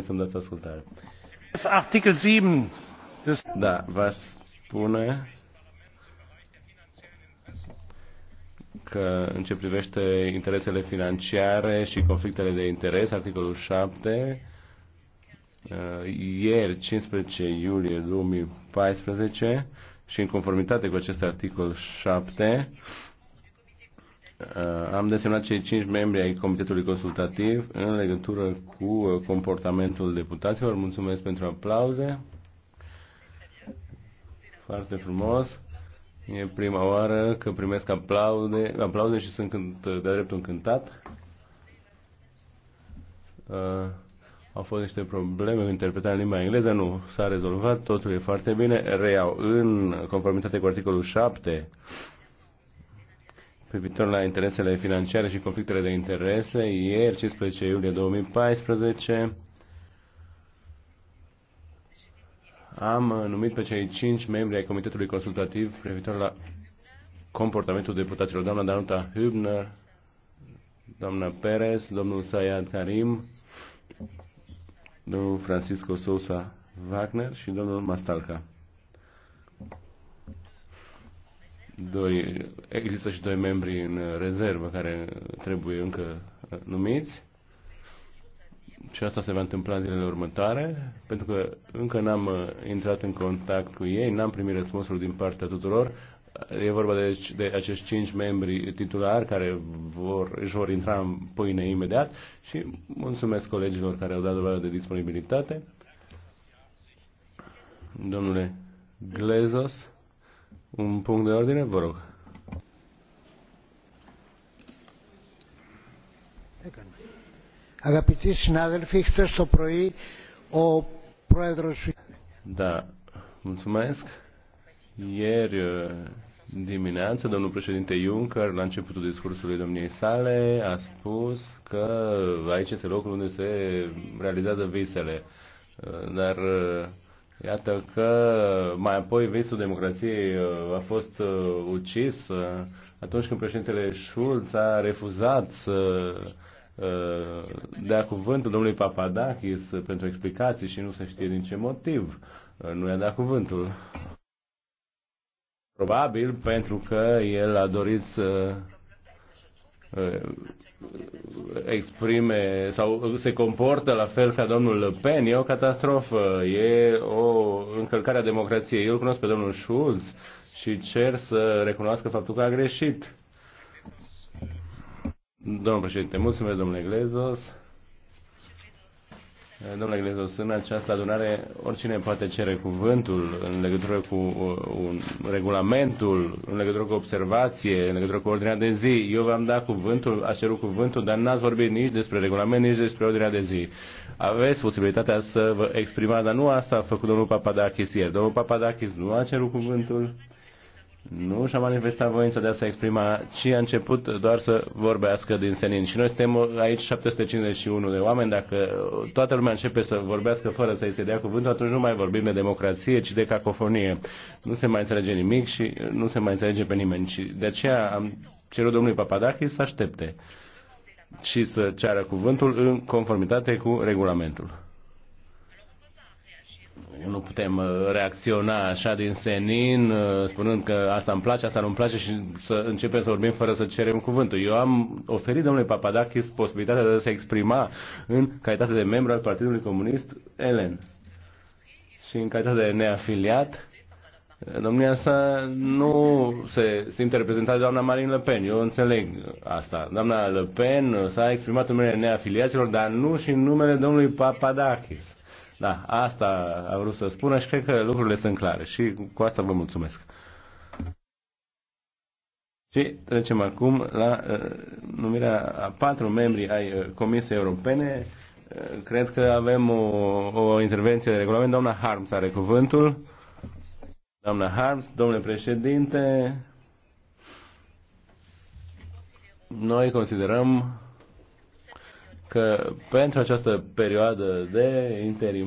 să-mi dați ascultare. Articolul 7. Da, v spune că în ce privește interesele financiare și conflictele de interes, articolul 7, uh, ieri, 15 iulie 2014, și în conformitate cu acest articol 7, Uh, am desemnat cei cinci membri ai Comitetului Consultativ în legătură cu uh, comportamentul deputaților. Mulțumesc pentru aplauze. Foarte frumos. E prima oară că primesc aplaude, aplauze și sunt uh, de dreptul încântat. Uh, au fost niște probleme cu interpretarea în limba engleză, nu, s-a rezolvat, totul e foarte bine. Reiau, în conformitate cu articolul 7 privitor la interesele financiare și conflictele de interese, ieri, 15 iulie 2014, am numit pe cei cinci membri ai Comitetului Consultativ privitor la comportamentul deputaților, doamna Danuta Hübner, doamna Perez, domnul Sayad Karim, domnul Francisco Sousa Wagner și domnul Mastalca. doi, există și doi membri în rezervă care trebuie încă numiți și asta se va întâmpla în zilele următoare, pentru că încă n-am uh, intrat în contact cu ei, n-am primit răspunsul din partea tuturor. E vorba de, de acești cinci membri titulari care vor, își vor intra în pâine imediat și mulțumesc colegilor care au dat dovadă de disponibilitate. Domnule Glezos. Un punct de ordine, vă rog. Αγαπητοί συνάδελφοι, să το πρωί o πρόεδρος... Da, mulțumesc. Ieri uh, dimineață, domnul președinte Juncker, la începutul discursului domniei sale, a spus că aici este locul unde se realizează visele. Uh, dar uh, Iată că mai apoi visul democrației uh, a fost uh, ucis uh, atunci când președintele Schulz a refuzat să dea cuvântul domnului Papadakis pentru explicații și nu se știe din ce motiv nu i-a dat cuvântul. Probabil pentru că el a dorit să Uh, exprime sau se comportă la fel ca domnul Le Pen, e o catastrofă, e o încălcare a democrației. Eu îl cunosc pe domnul Schulz și cer să recunoască faptul că a greșit. Domnul președinte, mulțumesc domnule Glezos. Domnule Glezos, în această adunare oricine poate cere cuvântul în legătură cu uh, un regulamentul, în legătură cu observație, în legătură cu ordinea de zi. Eu v-am dat cuvântul, a cerut cuvântul, dar n-ați vorbit nici despre regulament, nici despre ordinea de zi. Aveți posibilitatea să vă exprimați, dar nu asta a făcut domnul Papadakis ieri. Domnul Papadakis nu a cerut cuvântul nu și-a manifestat voința de a se exprima, ci a început doar să vorbească din senin. Și noi suntem aici 751 de oameni, dacă toată lumea începe să vorbească fără să-i se dea cuvântul, atunci nu mai vorbim de democrație, ci de cacofonie. Nu se mai înțelege nimic și nu se mai înțelege pe nimeni. Și de aceea am cerut domnului Papadachi să aștepte și să ceară cuvântul în conformitate cu regulamentul. Nu putem uh, reacționa așa din senin, uh, spunând că asta îmi place, asta nu-mi place și să începem să vorbim fără să cerem cuvântul. Eu am oferit domnului Papadakis posibilitatea de a se exprima în calitate de membru al Partidului Comunist Elen și în calitate de neafiliat. Domnia sa nu se simte reprezentată de doamna Marine Le Pen. Eu înțeleg asta. Doamna Le Pen s-a exprimat în numele neafiliaților, dar nu și în numele domnului Papadakis. Da, asta a vrut să spună și cred că lucrurile sunt clare și cu asta vă mulțumesc. Și trecem acum la uh, numirea a patru membri ai uh, Comisiei Europene. Uh, cred că avem o, o intervenție de regulament. Doamna Harms are cuvântul. Doamna Harms, domnule președinte, noi considerăm că pentru această perioadă de interim